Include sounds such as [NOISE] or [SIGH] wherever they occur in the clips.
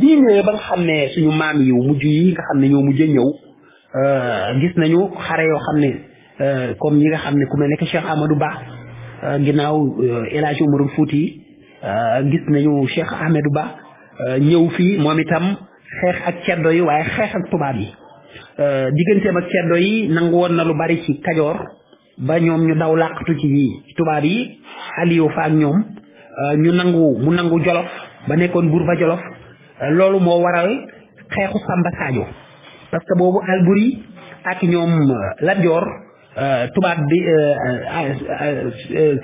bii ñëwee ba nga xam ne suñu maam yu mujj yi nga xam ne ñoo mujj a ñëw euh, gis nañu xare yoo xam ne kom euh, ñi nga xam ne ku mel ne que Cheikh Amadou Ba euh, ginnaaw El Hadj Oumar Fouti gis nañu Cheikh Ahmedou Ba ñëw fii moom itam xeex ak ceddo yi waaye xeex ak tubaab yi digganteem ak ceddo yi nangu woon na lu bari ci Kajoor ba ñoom ñu daw làqatu ci tubaab yi Aliou Fa ak ñoom ñu nangu mu nangu Jolof ba nekkoon buur ba Jolof loolu moo waral xeexu Samba Sadio parce que boobu Albury ak ñoom euh, Lat Joor euh, tubaab bi euh,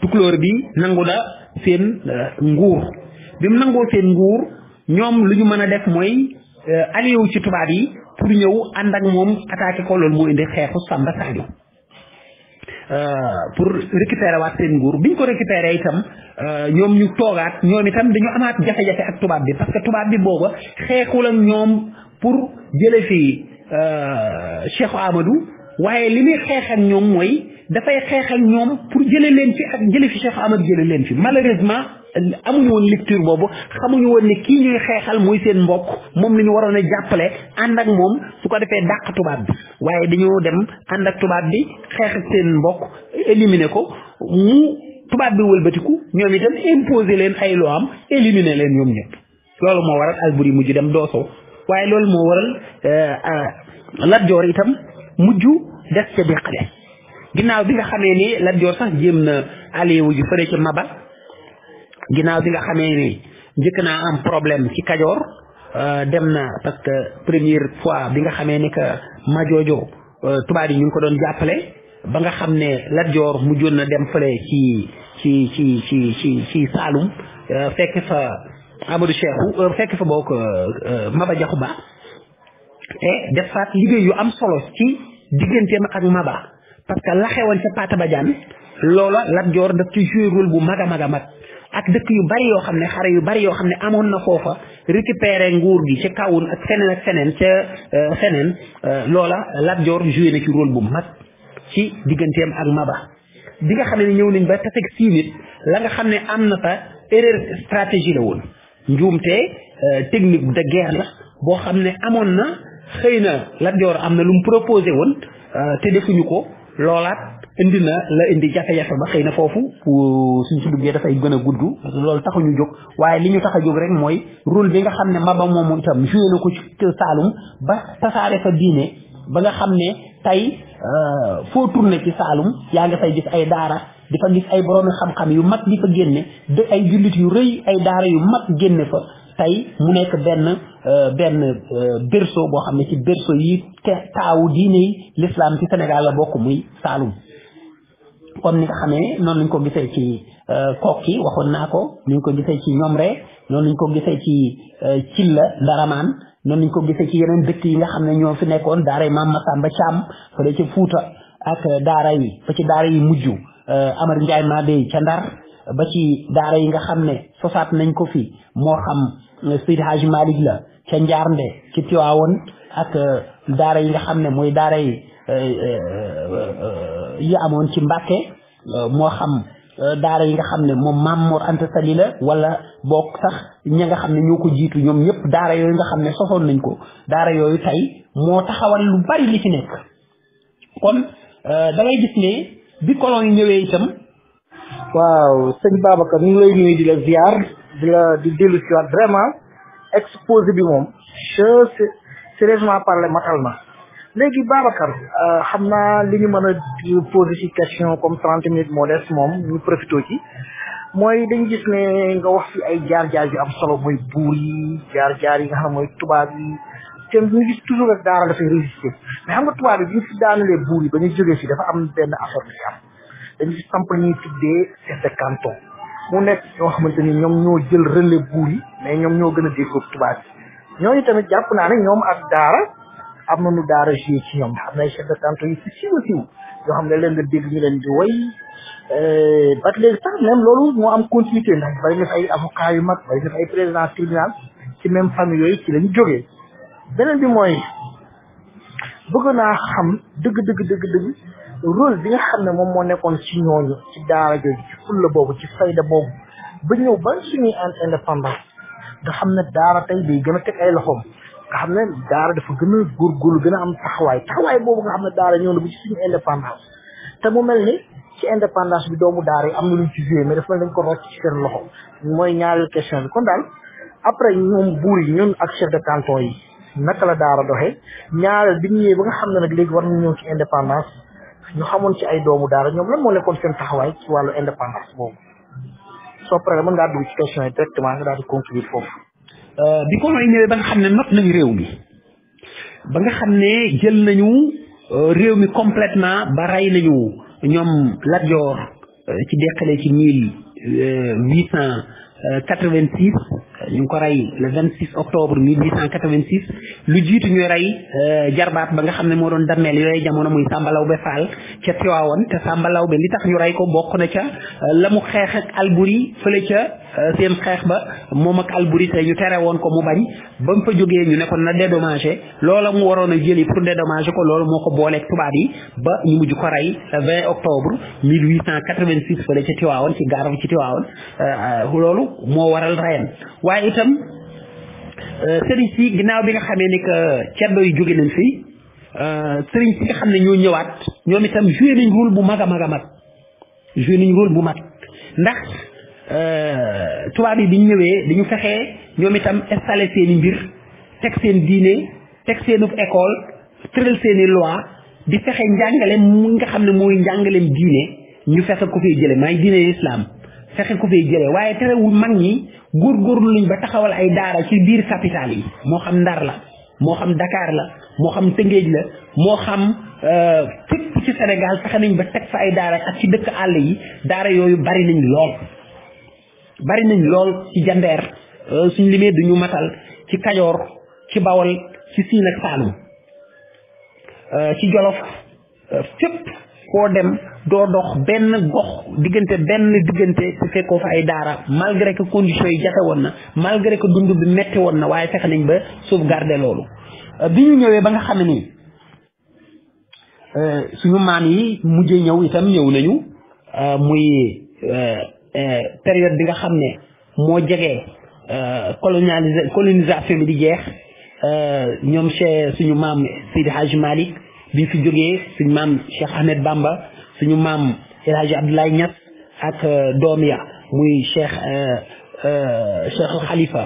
tukulóor bi nangu la seen nguur bi mu nangoo seen nguur ñoom lu ñu mën a def mooy allié wu ci tubaab yi pour ñëw ànd ak moom attaqué ko loolu moo indi xeexu Samba Sadio Euh, pour récupérer waat seen nguur biñ ko récupérer itam euh, ñoom ñu toogaat ñoom itam dañu amaat jafe-jafe ak tubaab bi parce que tubaab bi booba xeexul ak ñoom pour jële fi euh, Cheikh Amadou waaye li muy xeex ak ñoom mooy dafay xeex ak ñoom pour jële leen fi ak jële fi Cheikh Amadou jële leen fi malheureusement amuñu woon lecture boobu xamuñu woon ne kii ñuy xeexal muy seen mbokk moom mi ñu waroon a jàppale ànd ak moom su ko defee dàq tubaab bi waaye dañoo dem ànd ak tubaab bi xeex ak seen mbokk éliminer ko mu tubaab bi wëlbatiku ñoom itam imposer leen ay loo am éliminer leen ñoom ñëpp loolu moo waral Albouri mujj dem doosoo waaye loolu moo waral Lat Joor itam mujj des ca deqale ginnaaw bi nga xamee ni Lat Joor sax jéem na allié wu ji fële ca Maba ginaaw bi nga xamee ni njëkk naa am problème ci Kajoor euh, dem na parce que première fois bi nga xamee ni que Majoojo euh, tubaab yi ñu ngi ko doon jàppale ba nga xam ne Lat Joor mujjoon na dem fële ci ci ci ci ci ci Saalum euh, fekk fa Amadou Cheikhou fekk Maba Jaxu Ba te defaat liggéey yu am solo ci digganteem ak Maba parce que la xewoon ca Pata loola Lat Joor daf ci joué rôle bu mag a mag a mag ak dëkk yu bari yoo xam ne xare yu bari yoo xam ne amoon na foofa récupérer nguur gi ca kawun ak feneen ak feneen ca feneen loola Lat Joor joué na ci rôle bu mag ci digganteem ak Maba bi nga xam ne ñëw nañ ba tafek sii nit la nga xam ne am na fa erreur stratégie la woon njuumte technique de guerre la boo xam ne amoon na xëy na Lat Joor am na lu mu proposé woon te defuñu ko loolaat indi na la indi jafe-jafe ba xëy na foofu suñ si duggee dafay gën a guddu loolu taxuñu jóg waaye li ñu tax a jóg rek mooy rôle bi nga xam ne Maba moomu itam joué na ko ci Saalum ba tasaare fa diine ba nga xam ne tey euh, foo tourné ci Saalum yaa nga fay gis ay daara di fa gis ay boroomi xam-xam yu mag di fa génne de ay jullit yu rëy ay daara yu mag génne fa tey mu nekk benn euh, benn euh, berceau boo xam ne ci berceau yi te taawu diine yi l'islam ci Sénégal la bokk muy Saalum comme ni nga xamee noonu lañ ko gisee ci euh, kokki waxoon naa ko ni ñu ko gisee ci ñoom rek noonu lañ ko gisee ci euh, cilla ndaramaan noonu lañ ko gisee ci yeneen dëkk yi nga xam ne ñoo fi nekkoon daara yi maam Masamba Caam fële euh, daara yi ba ci daara yi mujj Amar Njaay Maadey ca Ndar ba ci daara yi nga xam ne sosaat nañ ko fi moo xam Seydi Hajji Malick la ca Njaarnde ci Tiwaawoon ak daara yi nga xam ne mooy daara yi Euh, euh, euh, yi amoon ci Mbàkke moo xam daara yi nga xam ne moom Maam Mor Anta Sali la wala bokk sax ña nga xam ne ñoo ko jiitu ñoom ñëpp daara yooyu nga xam ne sosoon nañ ko daara yooyu tey moo taxawal lu bari li fi nekk kon da ngay gis ne bi colon yi ñëwee itam waaw sëñ Babacar ñu ngi lay nuyu di la ziar di la di dellu si waat vraiment exposé bi moom je sérieusement parlé matal na léegi Babacar euh, xam naa li ñu mën a posé ci question comme trente minutes moom ñu profité ci mooy dañu gis ne nga wax fi ay jaar-jaar yu am solo mooy buur yi jaar-jaar yi nga xam mooy tubaab yi te ñu gis toujours rek daara dafay résister mais xam nga tubaab yi bi ñu fi daanalee ba ñu jógee si dafa am benn affaire bi am dañu si samp ñuy tuddee chef de canton mu nekk ñoo xamante ni ñoom ñoo jël relais buur yi mais ñoom ñoo gën a déggoo tubaab yi ñooñu tamit jàpp naa ne ñoom ak daara am na nu daara joué ci ñom am ci da tantu de ci ci fi siiw xam ne leen nga deg ñu leen di way euh ba leen sax même lolu mo am continuité ndax bari na ay avocat yu mag bari na ay président tribunal ci même famille yoy ci lañ joggé benen bi moy bëgg na xam deug deug deug deug rôle bi nga xam ne moom moo nekkoon ci ñooñu ci daara jooju ci fulla bobu ci fayda bobu ba ñëw ba suñu indépendance nga xam ne daara tay day gëna tek ay loxom nga xam ne daara dafa gën a góorgóorlu gën a am taxawaay taxawaay boobu nga xam ne daara ñëw na ba ci suñu indépendance te mu mel ni ci indépendance bi doomu daara yi am na lu ci dañ ko seen loxo mooy ñaareelu question bi daal après ñoom buur yi ñun ak chef de canton yi naka la daara doxee ñaareel bi ñu ba nga xam ne nag léegi war nañu ñëw ci indépendance ñu xamoon ci ay doomu daara ñoom lan moo nekkoon seen taxawaay ci wàllu indépendance boobu soo paree mën ngaa dugg ci question Euh, bi ko yi ñëwee ba nga xam ne not nañu réew mi ba nga xam ne jël nañu euh, réew mi complètement ba rey nañu ñoom Lat Joor euh, ci deqale ci mille huit cent quatre vingt ñu ngi ko rey le vingt octobre mille huit cent quatre vingt lu jiitu ñuy rey jarbaat ba nga xam ne moo doon dammeel yooyu jamono muy Samba Lawbe Fall ca Tiwaawan te Samba Lawbe li tax ñu rey ko bokk na ca la mu xeex ak Alburi fële ca em euh, xeex ba moom ak Albouri tey ñu tere woon ko mu bañ ba mu fa jógee ñu nekkoon na dédommagé loola mu waroon a jëli pour dédommagé ko loolu moo ko booleeg tubaab yi ba ñu mujj ko rey le 20 octobre 1886 fële ca Tiwaawoon ci gaaram ci Tiwaawoon euh, euh, loolu moo waral reyam waaye itam sëriñ si ginnaaw bi nga xamee ni que ceddo yi jóge nañ fi sëriñ si nga xam ne ñoo ñëwaat ñoom itam joué nañ rôle bu mag a mag a mag joué nañ rôle bu mag Euh, tubaab yi bi ñu ñëwee dañu fexee ñoom itam installé seen mbir teg seen diine teg seen école tëral seen i loi di fexe njàngale mu nga xam ne mooy njàngaleem diine ñu fexe ko fee jële maa ngi diine islam fexe ko fee jële waaye terewul mag ñi góorgóorlu luñ ba taxawal ay daara ci biir capital yi moo xam Ndar la moo xam Dakar la moo xam Tëngéej la moo xam euh, fépp ci Sénégal fexe nañ ba teg fa ay daara ak ci dëkk àll yi daara yooyu bari nañ lool bari nañ lool ci jandeer euh, suñ limee duñu matal ci kajoor ci bawol ci siin ak saalum euh, ci jolof euh, fépp koo dem doo dox benn gox diggante benn diggante su fekkoo fa ay daara malgré que conditions yi jafe woon na malgré ko dund bi metti woon na waaye fexe nañ ba sauvegarder loolu bi ñu ñëwee ba nga xam ni suñu maam yi mujjee ñëw itam ñëw nañu muy période bi nga xam ne moo jege colonialisa colonisation bi di jeex ñoom che suñu maam Sidi Hadj Malik bi fi jógee suñu maam Cheikh Ahmed Bamba suñu maam El Hadj Abdoulaye Niass ak doom ya muy Cheikh Cheikh Khalifa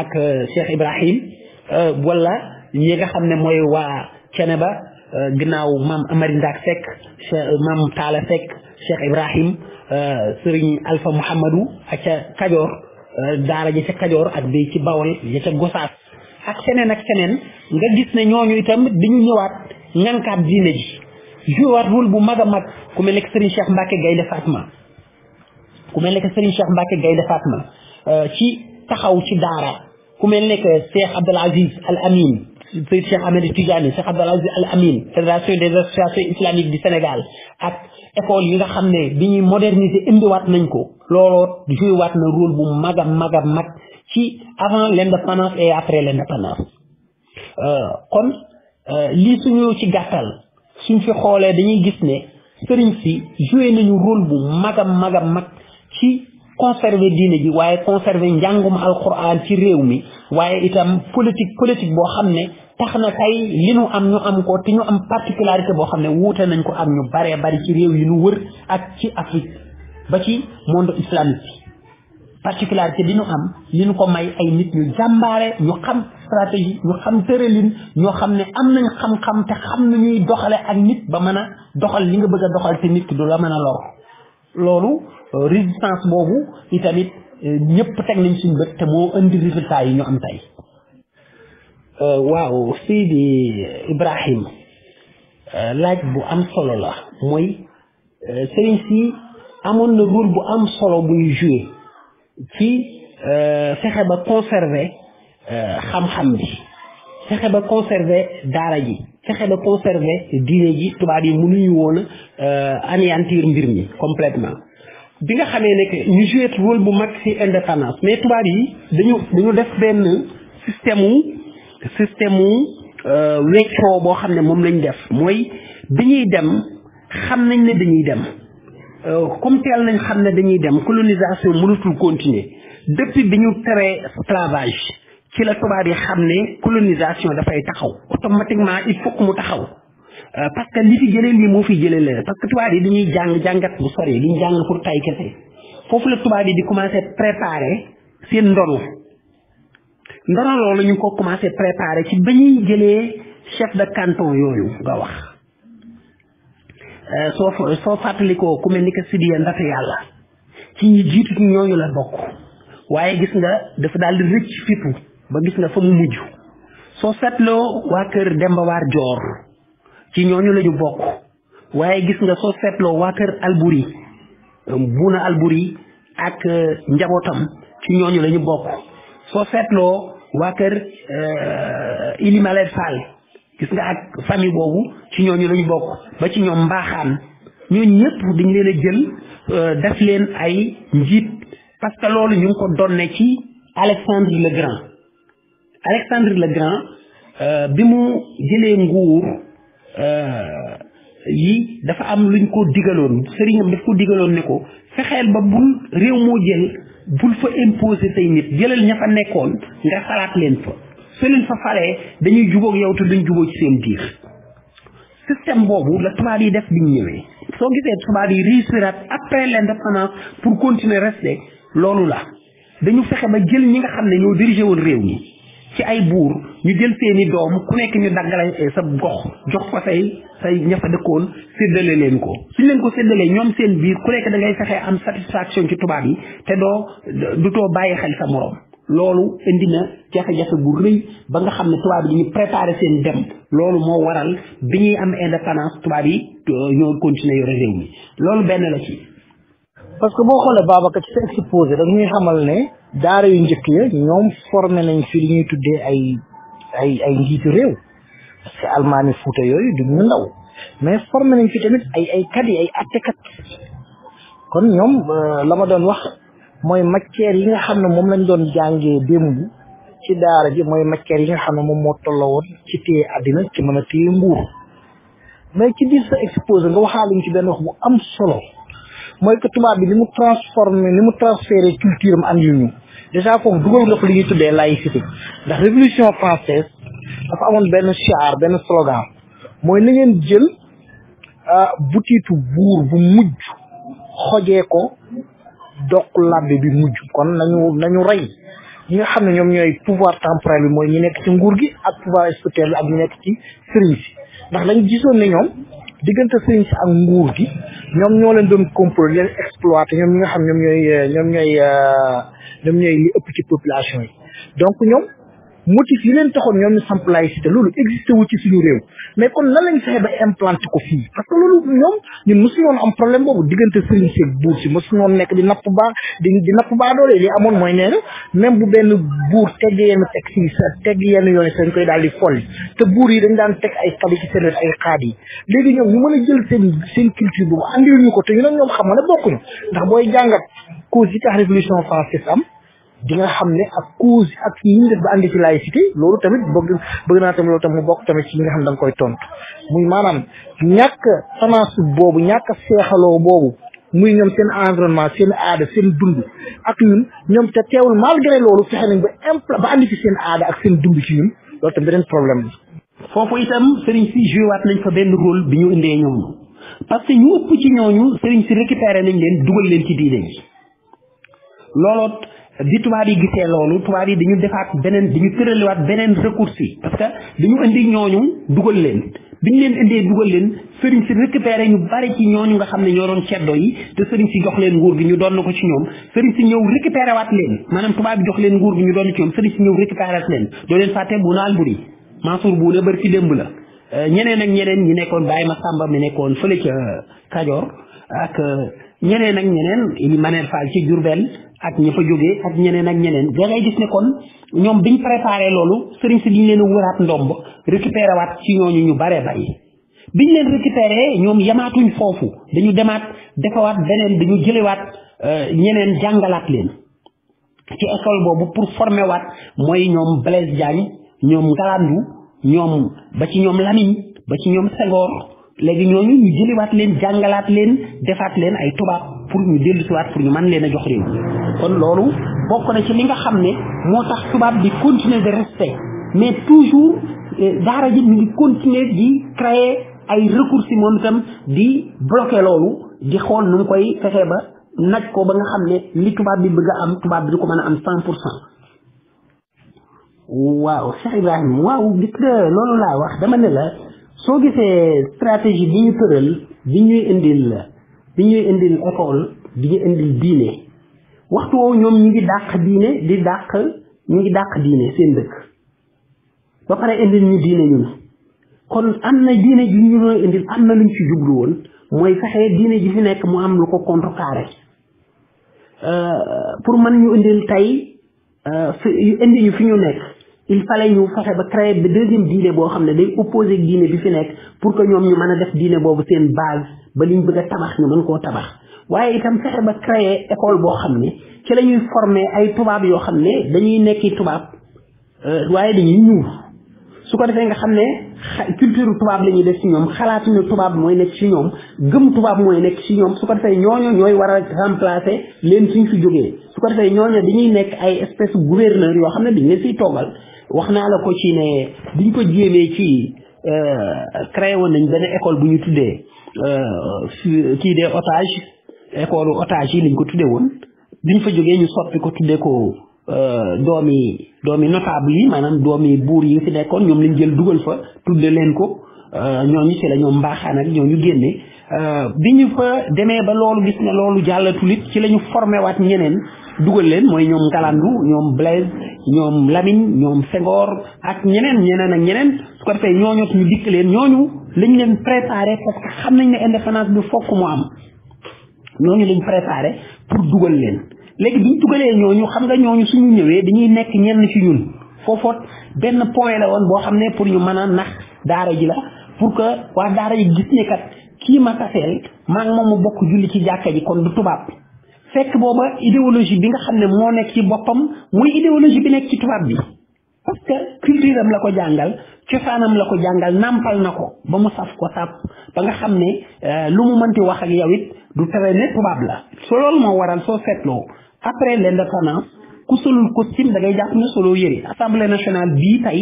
ak Cheikh Ibrahim wala ñi nga xam ne mooy waa Ceneba ginnaaw mam amari ndak fek mam tala fek cheikh ibrahim serigne alpha mohammedou ak ca kajoor daara ji ca kadior ak bi ci bawal ya ca gossas ak senen ak senen nga gis ne ñoñu itam diñu ñëwaat ngankaat diine ji jouwaat rôle bu maga mag ku melni serigne cheikh mbàkke gaynde fatma ku melni serigne cheikh mbàkke gaynde fatma ci taxaw ci daara ku melni cheikh abdul aziz al amin Seydi Cheikh Ahmed Tidiane Cheikh Abdoul Aziz Al Amine fédération des associations islamiques du Sénégal ak école yi nga xam ne bi ñuy moderniser indiwaat nañ ko looloo joué waat na rôle bu mag a mag a mag ci avant l'indépendance et après l'indépendance euh, kon euh, lii suñu ci gàttal suñ fi xoolee dañuy gis ne sëriñ si joué nañu rôle bu mag a mag ci conserver diine bi waaye conserver njàngum alquran ci réew mi waaye itam politique politique boo xam ne tax na tey li nu am ñu am ko te ñu am particularité boo xam ne wuute nañ ko ak ñu baree bari ci réew yi nu wër ak ci Afrique ba ci monde islamique particularité bi ñu am li ñu ko may ay nit ñu jàmbaare ñu xam stratégie ñu xam tëralin ñoo xam ne am nañ xam-xam te xam nañuy doxale ak nit ba mën a doxal li nga bëgg a doxal te nit ki du la mën a lor loolu résistance boobu itamit euh, ñëpp teg nañ suñ bët te moo indi résultat yi ñu am tey euh, waaw Seydi Ibrahim euh, laaj bu am solo la mooy sëriñ si amoon na rôle bu am solo buy joué ci fexe ba conserver xam-xam bi fexe ba conserver daara ji fexe ba conserver diine ji tubaab yi mënuñu woon anéantir mbir mi complètement bi nga xamee ne que ñu joué rôle bu mag ci indépendance mais tubaab yi dañu dañu def benn système mu système mu euh, weccoo boo xam ne moom lañ def mooy bi ñuy dem xam nañ ne dañuy dem euh, comme teel nañ xam ne dañuy dem colonisation mënatul continuer depuis bi ñu teree esclavage ci la tubaab yi xam ne colonisation dafay taxaw automatiquement il faut que mu taxaw Euh, parce que li fi jëlee lii moo fi jëlee leen parce que tubaab yi dañuy jàng jàngat bu sori duñ jàng pour tay kese foofu la tubaab yi di commencé préparer seen ndono ndono loolu ñu ko commencé préparer ci ba ñuy jëlee chef de canton yooyu nga wax euh, soo soo fàttalikoo ku mel ni que Sidiya Ndaté Yàlla ci ñi jiitu ci ñooñu la bokk waaye gis nga dafa daal di rëcc fitu ba gis nga fa mu mujj soo seetloo waa kër Demba Joor ci ñooñu lañu bokk waaye gis nga soo seetloo waa kër Alburi um, Buuna Alburi ak euh, njabootam ci ñooñu lañu bokk soo seetloo waa kër euh, Ilimaler Fall gis nga ak famille boobu ci ñooñu la bokk ba ci ñoom mbaaxaan ñooñu ñëpp dañ leen a jël euh, def leen ay njiit parce que loolu ñu ngi ko donne ci Alexandre le Grand Alexandre le Grand bi mu jëlee nguur Euh, yii dafa am luñ ko digaloon sëriñam daf ko diggaloon ni ko fexeel ba bul réew moo jël bul fa imposer say nit jëlal ña fa nekkoon nga falaat leen fa su leen fa falee dañuy jubóog yow te duñ jubóo ci seen biir système boobu la tubaab yi def biñ ñëwee soo gisee tubaab yi réussiraat après l'indépendance pour continuer rester loolu la dañu fexe ba jël ñi nga xam ne ñoo dirigé woon réew yi ci ay buur ñu jël seeni doom ku nekk ñu daggalay eh, sa gox jox ko say say ñafa dëkkoon séddale leen ko suñ leen ko séddalee ñoom seen biir ku nekk da ngay fexee am satisfaction ci tubaab yi te doo du too bàyyi xel sa moroom loolu indi na jafe-jafe bu rëy ba nga xam ne tubaab yi dañuy préparer seen dem loolu moo waral bi ñuy am indépendance tubaab yi euh, ñoo continuer yore réew loolu benn la ci parce que boo xoolee Babacar ci sa exposé da ñuy xamal ne daara yu njëkk ya ñoom formé nañ fi li ñuy tuddee ay ay ay njiitu réew parce que Fuuta yooyu du ndaw mais formé nañ fi tamit ay ay kat yi ay attekat kon ñoom euh, la ma doon wax mooy matière yi nga xam ne moom lañ doon jàngee démb ci daara ji mooy matière yi nga xam ne moom moo tolloo woon ci téye àddina ci man a téye nguur mais ci biir sa exposé nga waxaale ñu ci benn wax bu am solo. mooy que tubaab bi ni mu transformé ni mu transféré culture am andi ñu dèjà foofu dugal na fa li ñuy tuddee laïcité ndax révolution française dafa amoon benn char benn slogan mooy na ngeen jël euh, butitu buur bu mujj xojee ko doq labbe bi mujj kon nañu nañu rey ñi nga xam ne ñoom ñooy pouvoir temporel bi mooy ñi nekk ci nguur gi ak pouvoir statutaire bi ak ñi nekk ci sëriñ si ndax dañu gisoon ne ñoom diggante sëriñ si ak nguur gi ñoom ñoo leen doon complot leen exploiter ñoom ñi nga xam ñoom ñooy ñoom ñooy euh, ñoom ñooy li ëpp ci population yi donc ñoom motif yi leen taxoon ñoom ñu samp laïcité loolu existé wu ci suñu réew mais kon nan lañ fexe ba implanté ko fii parce que loolu ñoom ñun mosuñu woon am problème boobu diggante sëriñ si buur si mosuñu woon nekk di napp baa di di napp baa doole li yenn teg si sa tegg daal di folli te buur yi dañ daan teg ay kabi ci yi léegi ñoom ñu mën a jël seen culture boobu andiwuñu ko te ñu nag ñoom xam nga ne bokkuñu ndax booy jàngat cause yi tax révolution française am di nga xam ne ak cause ak yi ñu def ba ànd ci laïcité loolu tamit bëgg bëgg naa tamit loolu tamit mu bokk tamit ci yi nga xam ne da koy ton muy maanaam ñàkk tanasub boobu ñàkk seexaloo boobu muy ñoom seen environnement seen aada seen dund ak ñun ñoom te teewul malgré loolu fexe nañ ba impla ba ànd ci seen aada ak seen dund ci ñun loolu tamit beneen problème foofu itam sëriñ si joué waat nañ fa benn rôle bi ñu indee ñoom parce ñu ëpp ci ñooñu sëriñ si récupéré nañ leen dugal leen ci diine ji bi tubaab yi gisee loolu tubaab yi dañu defaat beneen dañu tëraliwaat beneen recours yi parce que dañu indi ñooñu dugal leen bi ñu leen indee dugal leen sëriñ si récupéré ñu bari ci ñooñu nga xam ne ñoo doon ceddo yi te sëriñ si jox leen nguur gi ñu doon na ko ci ñoom sëriñ si ñëw récupéré leen maanaam tubaab bi jox leen nguur gi ñu doon ci ñoom sëriñ si ñëw récupéré leen doo leen fàtte bu naal buri Mansour bu ne bari ci démb la euh, ñeneen ak ñeneen ñi nekkoon Baye Massamba mi nekkoon fële ca Kajoor ak euh, ñeneen ak ñeneen ili maneer Fall ci Jurbel ak ña fa jógee ak ñeneen ak ñeneen da ngay gis ne kon ñoom biñ préparé loolu sëriñ si biñ leen a wëraat ndomb récupéré waat ci ñooñu ñu baree bari biñ leen récupéré ñoom yamaatuñ foofu dañu demaat defawaat beneen dañu jëlewaat euh, ñeneen jàngalaat leen ci école boobu pour former waat mooy ñoom Blaise Diagne ñoom Ngalandou ñoom ba ci ñoom Lamine ba ci ñoom Senghor léegi ñooñu ñu jëliwaat leen jàngalaat leen defaat leen ay tubaab pour ñu dellu waat pour ñu mën leen a jox réew kon loolu bokk na ci li nga xam ne moo tax tubaab di continuer de rester mais toujours daara ji mi ngi continuer di créer ay recours moom itam di bloquer loolu di xool nu mu koy fexe ba naj ko ba nga xam ne li tubaab bi bëgg a am tubaab bi du ko mën a am cent pour cent waaw cheikh ibrahima waaw gis nga loolu laa wax dama ne la soo gisee stratégie bi ñu tëral bi ñuy indil la di ñuy indil école di ñu indil diine waxtu woowu ñoom ñu ngi dàq diine di dàq ñu ngi dàq diine seen dëkk ba pare indil ñu diine ñun kon am na diine ji ñu doon indil am na luñ ci jublu woon mooy fexe diine ji fi nekk mu am lu ko contrecarré euh, pour man ñu indil tey euh, fi indi ñu fi ñu nekk il fallait ñu fexe ba créer ba deuxième diine boo xam ne day opposé diine bi fi nekk pour que ñoom ñu mën a def diine boobu seen base ba liñ bëgg a tabax ñu mën koo tabax waaye itam fexe ba créer école boo xam ne ci lañuy ñuy ay tubaab yoo xam ne dañuy nekki tubaab euh, waaye dañuy su ko defee nga xam ne culture tubaab la ñuy def ci ñoom xalaatuñu tubaab mooy nekk ci ñoom gëm tubaab mooy nekk ci ñoom su ko defee ñooy war a remplacer leen suñ fi jógee su ko defee ñooñu dañuy nekk ay espèce gouverneur yoo xam ne dañ leen fiy toogal wax naa la ko ci ne diñ ko jéemee ci Euh, créé woon nañ benn école bu ñu tuddee euh, kii des otage école otages yi lañ ko tuddee woon biñ fa jógee ñu soppi ko tuddee ko euh, doomi doomi notable yi maanaam doomi buur yi fi nekkoon ñoom lañ jël dugal fa tuddee leen ko ñooñu ci la ñoom mbaaxaan ak ñooñu génne bi ñu fa demee ba loolu gis ne loolu jàllatul it ci lañu ñu formé ñeneen dugal leen mooy ñoom Galandou ñoom Blaise ñoom Lamine ñoom sengoor ak ñeneen ñeneen ak ñeneen su ko defee ñooñu ñu dikk leen ñooñu lañ leen préparé parce que xam nañ ne indépendance bi fokk mu am ñooñu lañ préparé pour dugal leen léegi bi ñu dugalee ñooñu xam nga ñooñu suñu ñëwee dañuy nekk ñenn ci ñun foofoot benn point la woon boo xam ne pour ñu mën a nax daara ji la pour que waa daara ji gis ne kat kii ma taseel maa ngi moom mu bokk julli ci jàkka ji kon du tubaab fekk booba idéologie bi nga xam ne moo nekk ci boppam muy idéologie bi nekk ci tubaab bi parce que la ko jàngal cosaanam la ko jàngal nàmpal na ko ba mu saf ko sàpp ba nga xam ne euh, lu mu mënti wax ak yow du tere ne tubaab la so loolu moo waral soo seetloo après l'indépendance ku solul costume da ngay jàpp ne solo yëre assemblée nationale bii tey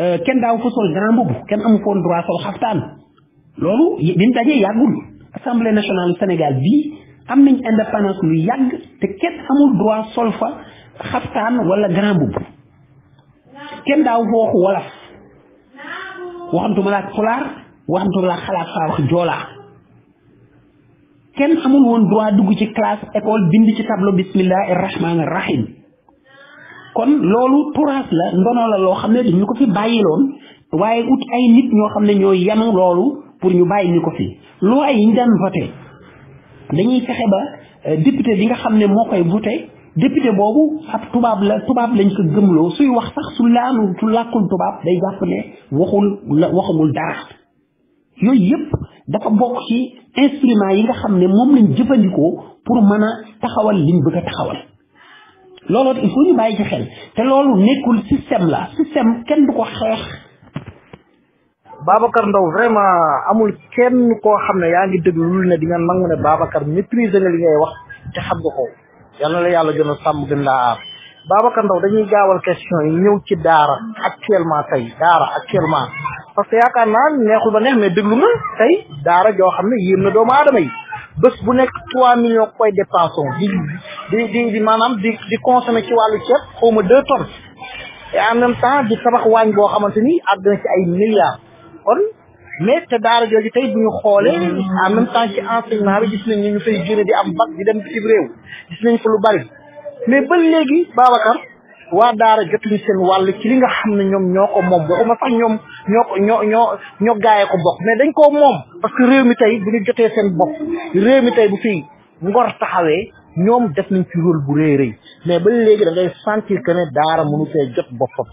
euh, kenn daaw fa sol grand mbubb kenn amu foon droit sol xaftaan loolu bi dajee yàggul assemblée nationale am nañ indépendance lu yàgg te kenn amul droit sol fa xaftaan wala grand boubou kenn daaw fooxu wolof waxantuma laa pulaar waxantuma laa xalaat faa wax joolaa kenn amul woon droit dugg ci classe école bind ci tableau bismillahi rahmaani rahim kon loolu turaas la ndono la loo xam ne dañu ko fi bàyyiloon waaye ut ay nit ñoo xam ne ñoo yanu loolu pour ñu bàyyi ñu ko fi loo ay ñu daan voté dañuy fexe ba euh, député bi nga xam ne moo koy voté député boobu ab tubaab la tubaab lañ ko gëmloo suy wax sax su laanu su làkkul tubaab day jàpp ne waxul la waxagul dara yooyu yëpp dafa bokk ci instrument yi nga xam ne moom lañ jëfandikoo pour mën a taxawal liñ bëgg a taxawal looloo il faut ñu bàyyi ci xel te loolu nekkul système la système kenn du ko xeex Babacar ndaw vraiment amul kenn koo xam ne yaa ngi déglu lu ne di nga nangu ne Babacar maîtriser nga li ngay wax te xam nga ko yal la yàlla gën a sàmm gën laa aar Babacar dañuy gaawal question yi ñëw ci Daara actuellement tey Daara actuellement parce que yaakaar naa neexul ba neex mais déglu nga tey Daara joo xam ne yéem na doomu aadama yi bés bu nekk 3 millions koy dépensons di di di di maanaam di di consommer ci wàllu ceeb xaw ma 2 tonnes et en même temps di tabax waañ xamante ni àgg ay milliards. kon mais te daara jooju tey bu ñu xoolee am même temps ci enseignement bi gis nañ ñu ñu génne di am bac di dem bitim réew gis nañ fa lu bari mais ba léegi Babacar waa daara jotuñu seen wàll ci li nga xam ne ñoom ñoo ko moom waxuma sax ñoom ñoo ko ñoo ñoo ñoo gaayee ko bokk mais dañ koo moom parce que réew mi tey bu ñu jotee seen bopp réew mi tey bu fii ngor taxawee ñoom def nañ ci rôle bu rëy rëy mais ba léegi da ngay sentir que ne daara mënu fee jot boppam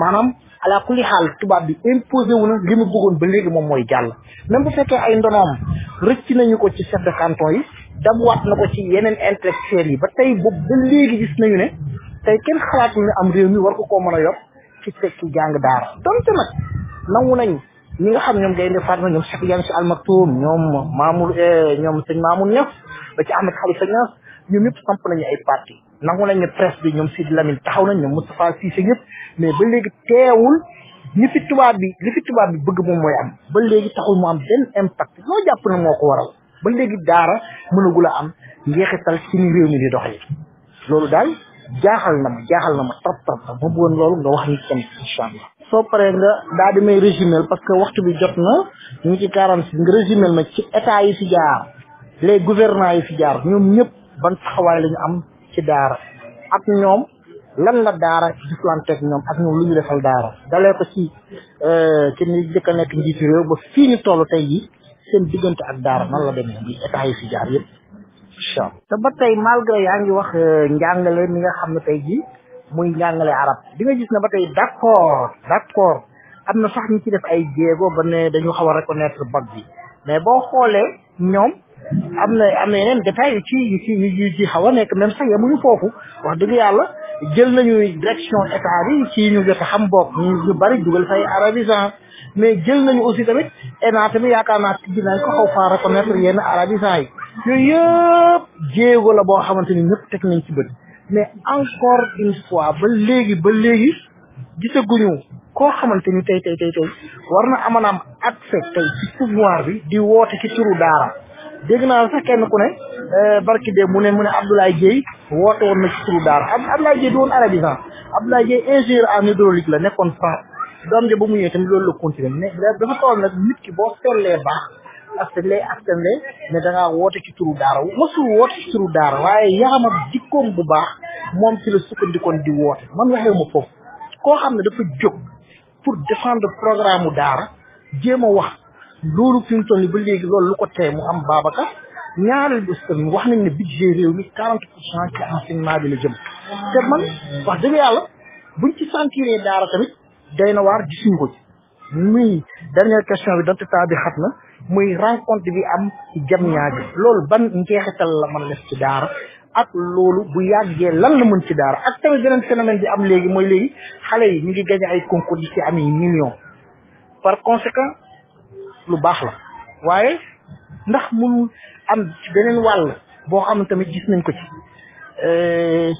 maanaam ala kulli xaal tubaab bi imposé wu na li mu bëggoon ba léegi moom mooy jàll même bu fekkee ay ndonoom rëcc nañu ko ci chef de canton yi dabuwaat na ko ci yeneen intellectuels yi ba tey boobu ba léegi gis nañu ne tey kenn xalaat ñu am réew mi war ko koo mën a yor ci tekki jàng daara donte nag nangu nañ ñi nga xam ñoom Gaynde Fatma ñoom Cheikh Yane si Almaktoum ñoom Mamour eh, ñoom sëñ Mamour Niass ba ci Ahmed Khalifa Niass ñoom ñëpp samp nañu ay parti nangu nañ ne presse bi ñoom Sidi Lamine taxaw nañ ñoom Moustapha Cissé ñëpp mais ba léegi teewul ñi fi tubaab bi li fi tubaab bi bëgg moom mooy am ba léegi taxul mu am benn impact loo jàpp na moo ko waral ba léegi daara mënagul a am njeexital ci ni réew mi di doxee loolu daal jaaxal na ma jaaxal na ma trop trop trop ma bëggoon loolu nga wax ni tam soo paree nga daal di may résumer parce que waxtu bi jot na ñu ngi ci quarante six nga résumer ma ci état yi fi jaar les gouvernants yi fi jaar ñoom ñëpp ban taxawaay la ñu am. ci daara ak ñoom lan la daara jëflanteeg ñoom ak ñoom lu ñu defal daara dalee ko ci euh, ci ni jëkk a nekk njiitu réew fii ñu toll tey jii seen diggante ak daara nan la demee bi état yi fi jaar yëpp incha allah te ba tey malgré yaa ngi wax euh, njàngale mi nga xam ne tey jii muy njàngale arab di nga gis ne ba tey d'accord d'accord am na sax ñu ci def ay jéego ba ne dañu xaw a reconnaître bac bi mais boo xoolee ñoom am na am na yeneen détails yu ci ci xaw a nekk même sax yemuñu foofu wax dëgg yàlla jël nañu direction état bi ci ñu jot xam bopp ñu bari dugal fay arabisant mais jël nañu aussi tamit ENA mi yaakaar naa tijji nañ ko xaw faa reconnaître yenn arabisant yi yooyu yëpp jéego la boo xamante ni ñëpp teg nañ ci bët mais encore une fois ba léegi ba léegi gisaguñu koo xamante ni tey tey tey war na aman am accès tey ci pouvoir bi di woote ci turu daara dégg naa sax kenn ku ne euh, barki de mu ne mu ne Abdoulaye Dieye woote woon na ci turu daara ab Abdoulaye Dieye du woon arabisant Abdoulaye Dieye ingénieur en hydraulique la nekkoon France doom ja ba mu ñëwee tamit loolu la continué mais dafa toll nag nit ki boo seetlee baax ak te lay ak te lay ne da ngaa woote ci turu daara mosul woote ci turu daara waaye yaxama dikkoom bu baax moom ci la sukkandikoon di woote man waxee foofu koo xam ne dafa jóg pour défendre programme mu daara jéem a wax. loolu fi mu toll ba léegi loolu lu ko tee mu am Babacar ñaareel bi tamit wax nañ ne budget réew mi quarante pour cent ci enseignement bi la jëm te man wax dëgg yàlla buñ ci sentiree daara tamit day na waar gisuñu ko ci muy dernière question bi donte temps bi xat na muy rencontre bi am ci jam ñaaji loolu ban njeexital la mën def ci daara ak loolu bu yàggee lan la mën ci daara ak tamit beneen phénomène bi am léegi mooy léegi xale yi ñu ngi gañ ay concours yi am yi lu baax la waaye ndax mënul am ci beneen wàll boo xam tamit gis nañ ko ci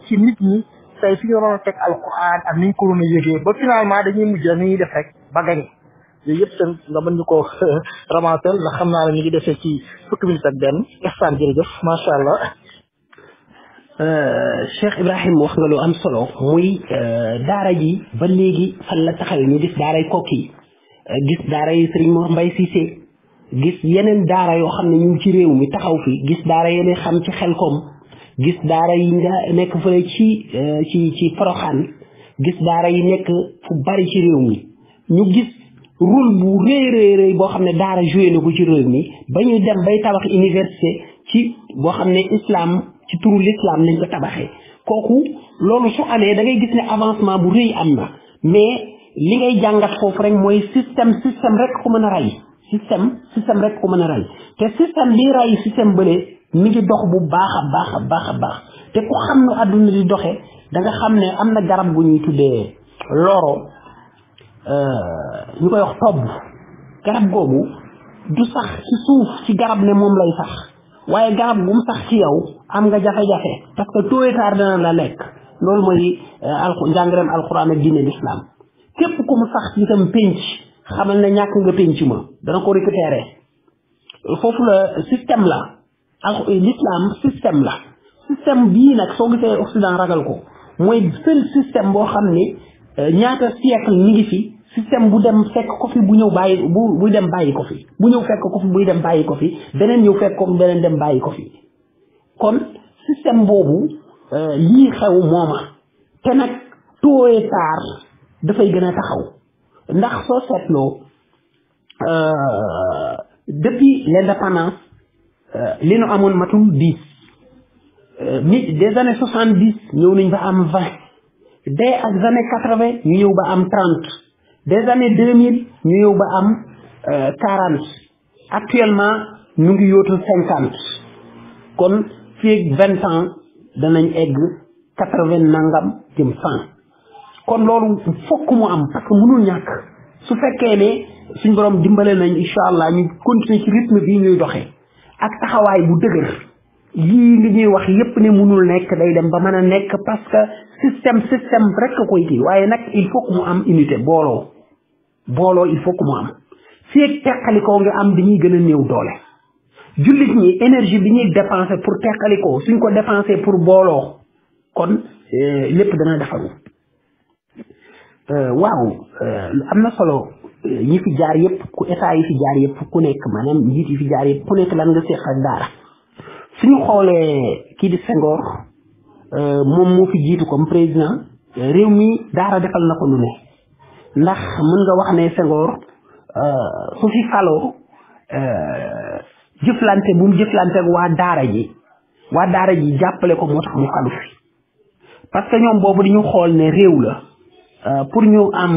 ci nit ñi tey fi ñu waroon a teg alquran ak ni ñu ko waroon a yëgee ba finalement dañuy mujj ni ñuy def rek ba gañe yooyu yëpp seen nga mën ñu ko ramasel ndax xam naa ne ñu ngi defee ci fukki minute ak benn ihsan jërëjëf macha allah cheikh ibrahim wax nga lu am solo muy daara ji ba léegi fan la taxaw ñu gis daaray kokki gis daara yi sëriñ Mor Mbaye Cissé gis yeneen daara yoo xam ne ñu ngi ci réew mi taxaw fi gis daara yeneen xam ci xelkom gis daara yi nga nekk fële ci euh, ci ci Porokhane gis daara yi nekk fu bari ci réew mi ñu gis rôle bu rëy rëy boo xam ne daara joué na ko ci réew mi ba ñuy dem bay tabax université ci boo xam ne islam ci turu l'islam nañ ko tabaxee kooku loolu su amee da gis ne avancement bu rëy am na mais li ngay jàngat foofu rek mooy système système rek ko mën a ray système système rek ko mën a ray te système bi ray système bële mi ngi dox bu baax a baax a baax baax te ku xam nu àdduna di doxee danga xam ne am na garab gu ñuy tuddee loro euh, ñu koy wax tobb garab googu du sax ci suuf ci garab ne moom lay sax waaye garab gu mu sax ci yow am nga jafe-jafe parce que tôt et la lekk loolu mooy euh, al njàngareem alquran ak diine l'islam képp ku mu sax itam pénc xamal ne ñàkk nga pénc ma dana ko récupérer foofu la système la ak l'islam système la système bii nag soo gisee Occident ragal ko mooy seul système boo xam ni euh, ñaata siècle mi ngi fi système bu dem fekk ko fi bu ñëw bàyyi bu buy dem bàyyi ko fi bu ñëw fekk ko fi buy dem bàyyi ko fi beneen ñëw fekk ko beneen dem bàyyi ko fi kon système boobu lii euh, xew mooma te nag tôt et dafay gën a taxaw ndax soo seetloo euh, depuis l'indépendance euh, li nu amoon matul dix euh, mi des années soixante dix ñëw nañ ba am vingt des ak années quatre vingt ñu ñëw ba am trente des années deux mille ñu ñëw ba am quarante actuellement ñu ngi yóotul cinquante kon fii ak vingt ans danañ egg quatre vingt nangam jëm cent kon loolu fokk mu am parce que mënul ñàkk su fekkee ne suñ borom dimbale nañ incha allah ñu continuer ci rythme bii ñuy doxee ak taxawaay bu dëgër yi li ñuy wax yépp ne mënul nekk day dem ba mën a nekk parce que système système rek koy kii waaye nag il faut que mu am unité booloo booloo il faut que mu am feeg teqalikoo nga am ñuy gën a néew doole jullit ñi énergie bi ñuy dépenser pour teqalikoo suñ ko dépenser pour booloo kon eh, lépp dana defaru Euh, waaw euh, am na solo euh, yi fi jaar yëpp ku état yi fi jaar yëpp ku nekk maanaam njiit yi fi jaar yëpp ku nekk lan nga seq ak daara suñu xoolee kii di Senghor moom moo fi jiitu comme président réew mi daara defal na ko nu ne ndax mun nga wax ne Senghor su fi faloo jëflante bu mu jëflante waa daara ji waa daara ji jàppale ko moo tax mu falu fi parce que ñoom boobu dañu xool ne réew la Euh, pour ñu am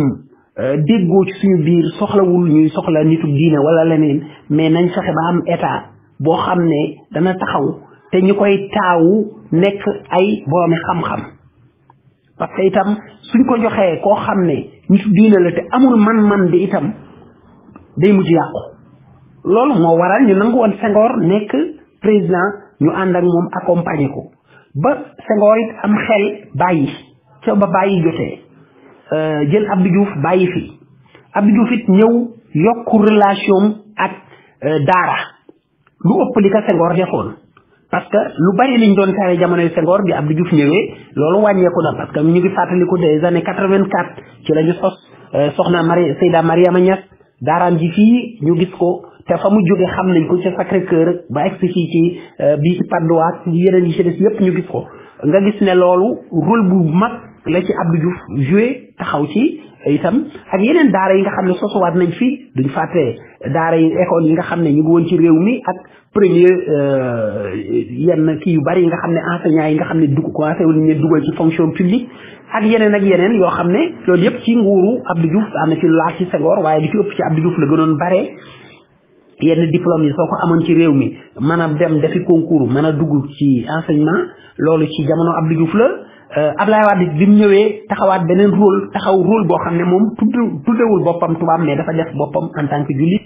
euh, déggoo ci suñu biir soxlawul ñuy soxla nitu diine wala leneen mais nañ fexe ba am état boo xam ne dana taxaw te ñu koy taawu nekk ay boroomi xam-xam parce que itam suñ ko joxee koo xam ne nitu diine la te amul man-man di itam day mujj yàqu loolu moo waral ñu nangu woon Senghor nekk président ñu ànd ak moom accompagner ko ba Senghor it am xel bàyyi ca ba bàyyi jotee Euh, jël Abdou Diouf bàyyi fi Abdou Diouf it ñëw yokku relation ak euh, daara lu ëpp li ko Senghor defoon parce que lu bari liñ doon tawee jamonoy Senghor bi Abdou Diouf ñëwee loolu wàññeeku na parce que ñu ngi fàttaliku des années quatre-vingt-quatre ci la ñu sos euh, soxna Mari Seyda Mariama Niass daaraam ji fii ñu gis ko te fa mu jóge xam nañ ko ca Sacré Cœur ba egsi fii ci bii ci Patte d'Oie yeneen yi ci des yépp ñu gis ko nga gis ne loolu rôle bu mag la ci Abdou Diouf joué taxaw ci itam ak yeneen daara yi nga xam ne sosuwaat nañ fi duñ fàtte daara yi école yi nga xam ne ñu ngi woon ci réew mi ak premier yenn kii yu bari yi nga xam ne enseignant yi nga xam ne dugg commencé wuñ leen dugal ci fonction publique ak yeneen ak yeneen yoo xam ne loolu yëpp ci nguuru Abdou Diouf am na ci laaj ci Senghor waaye li ci ëpp ci Abdou Diouf la gënoon bare yenn diplôme yi soo ko amoon ci réew mi mën a dem defi concours mën a dugg ci enseignement loolu ci jamono Abdou Diouf la Euh, Ablaye Wade bi mu ñëwee taxawaat beneen rôle taxaw rôle boo xam ne moom tudd tuddewul boppam tubaab mais dafa def boppam en tant que jullit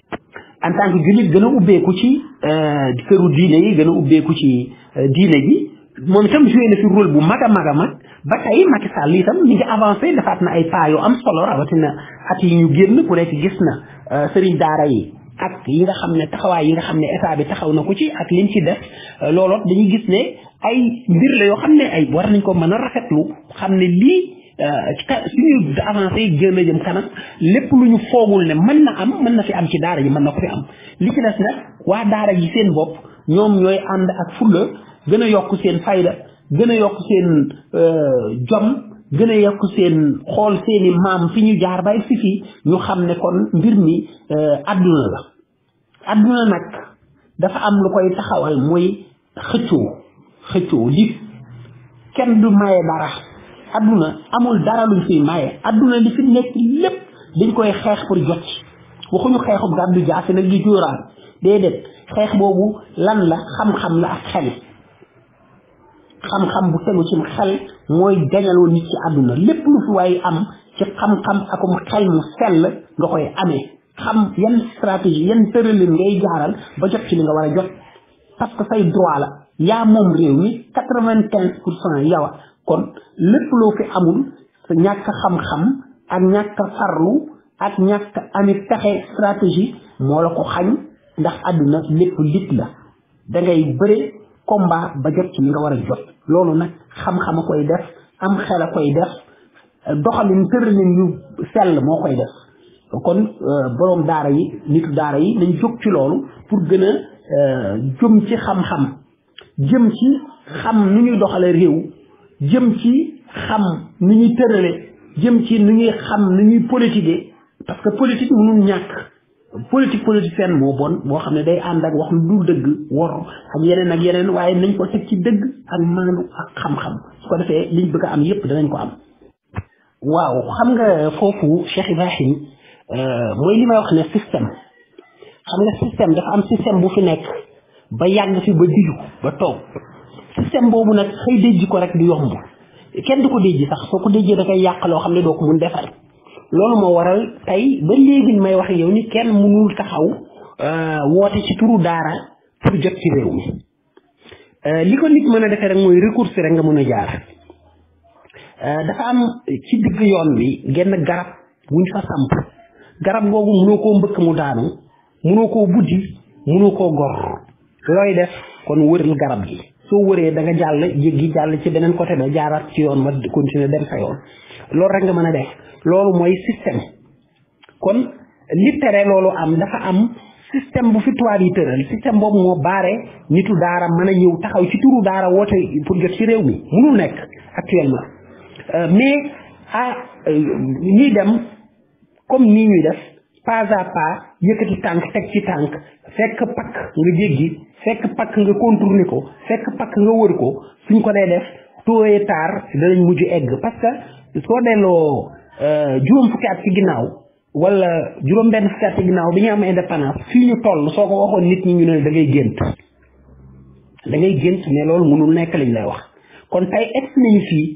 en tant que gën a ubbeeku ci euh, këru diine yi gën a ubbeeku ci euh, diine moom itam joué na fi rôle bu mag a mag a mag ba tey Macky Sall itam mi ngi avancé defaat na ay pas yu am solo rawatina at yi ñu génn ku nekk gis na sëriñ daara yi ak yi nga xam ne taxawaay yi nga xam ne état bi taxaw na ko ci ak liñ ci def euh, looloo dañuy gis ne ay mbir la yoo xam ne ay war nañ ko mën a rafet rafetlu xam ne lii euh, suñu avancé gën a jëm kanam lépp lu ñu foogul ne mën na am mën na fi am ci daara ji mën na ko fi am li ci des na waa daara ji seen bopp ñoom ñooy ànd ak fulla gën a yokk seen fayda gën a yokk seen euh, jom gëna a yokk seen xool seeni maam fi ñu jaar bay fi fi ñu xam ne kon mbir mi àdduna la àdduna nag dafa am lu koy taxawal muy xëccoo xëccoo li kenn du maye dara àdduna amul dara luñ fiy maye àdduna li fi nekk lépp dañ koy xeex pour jot ci waxuñu xeexub gàddu jaasi nag di juuraan déedéet xeex boobu lan la xam-xam la ak xel xam-xam bu tegu ci xel mooy gañaloo nit ci àdduna lépp lu fi waaye am ci xam-xam akum xel mu sell nga koy amee xam yan stratégie yan tëralin ngay jaaral ba jot ci li nga war jot parce que fay droit la yaa moom réew mi quatre-vingt-quinze yow kon lépp loo fi amul ñàkk xam-xam ak ñàkk farlu ak ñàkk amit pexe stratégie moo la ko xañ ndax àdduna lépp lit la da bëre combat ba jot ci li nga war a jot loolu nag xam-xam a koy def am xel a koy def doxalin tëralin yu sell moo koy def kon euh, borom daara yi nitu daara yi nañ jóg ci loolu pour gën a euh, jëm ci xam-xam jëm ci xam ni ñuy doxale réew jëm ci xam ni ñuy tërale jëm ci ni ñuy xam ni ñuy politiquer parce que politique mënul ñàkk politique politicienne moo bon boo xam ne day ànd ak wax lu dul dëgg wor ak yeneen ak yeneen waaye nañ ko teg ci dëgg ak maandu ak xam-xam su ko defee liñ bëgg a am yépp danañ ko am waaw xam nga foofu Cheikh Ibrahim euh, mooy li may wax ne système xam nga système dafa am système bu fi nekk ba yàgg fi ba diju ba toog système boobu nag xëy déjji ko rek du yomb kenn du ko déjji sax soo ko déjjee dafay yàq loo xam ne doo ko mun defar loolu moo waral tey ba léegi may wax yow ni kenn mënul taxaw euh, woote ci turu daara pour jot ci réew mi euh, li ko nit mën a defee rek mooy recours rek nga mën a jaar euh, dafa am ci digg yoon wi genn garab wuñ fa samp garab boobu mënoo koo mbëkk mu daanu mënoo koo guddi mënoo koo gor looy def kon wëral garab gi soo wëree da nga jàll jéggi jàll ci beneen côté ba jaaraat ci yoon ma continuer dem sa yoon loolu rek nga mën a def loolu mooy système kon li tere loolu am dafa am système bu fi tubaab yi tëral système boobu moo baare nitu daara mën a ñëw taxaw ci turu daara woote pour jot ci réew mi munul nekk actuellement euh, mais ah euh, ñuy dem comme nii ñuy def pas à pas yëkkati tànk teg ci tànk fekk pakk nga jéggi fekk pakk nga contourner ko fekk pakk nga wër ko suñ ko dee def tôt et tard danañ mujj egg parce que soo delloo Euh, juróom fukki at ci ginnaaw wala juróom benn fukki at ci ginnaaw bi ñu am indépendance fii ñu toll soo ko waxoon nit ñi ñu ne dangay ngay gént da ngay gént ne loolu mënul nekk liñ lay wax kon tey egg nañu fii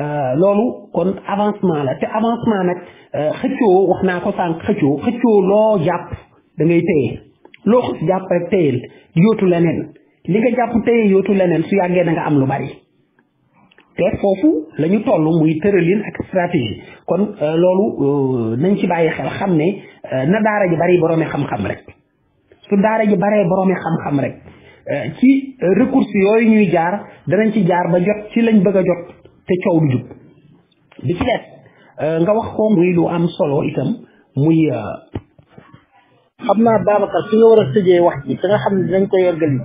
euh, loolu kon avancement la te avancement nag euh, xëccoo wax naa ko sànq xëccoo xëccoo loo jàpp da ngay téye loo jàpp rek téyel yootu leneen li nga jàpp téye yootu leneen su yàggee da nga am lu bari te foofu la ñu toll muy tëralin ak stratégie kon euh, loolu euh, nañ ci bàyyi xel xam ne euh, na daara ji bari boroomi xam-xam rek su daara ji baree boroomi xam-xam rek ci recours yooyu ñuy jaar danañ ci jaar ba jot ci lañ bëgg a jot te coow du jub bi ci des nga wax ko muy lu am solo itam muy xam naa Babacar fi nga war a tëjee wax ji te nga xam ne dinañ ko yorgal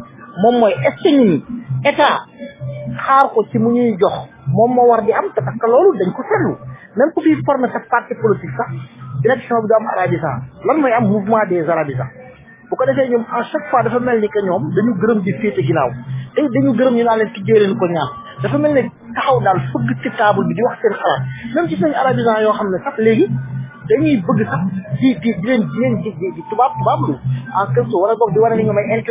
moom mooy est ce que ñun xaar ko ci mu ñuy jox moom moo war di am te parce loolu dañ ko seetlu même ko fi former sax parti politique sax direction bi du am arabisant lan mooy am mouvement des arabisants bu ko defee ñoom à chaque fois dafa mel ni que ñoom dañu gërëm di féete ginnaaw te dañu gërëm ñu naa leen tijjee leen ko ñaan dafa mel ne taxaw daal fëgg ci table bi di wax seen xalaat même ci seen arabisant yoo xam ne sax léegi dañuy bëgg sax di di di leen di leen di di tubaab tubaab lu en quelque wala boog di wane ne ñoom ay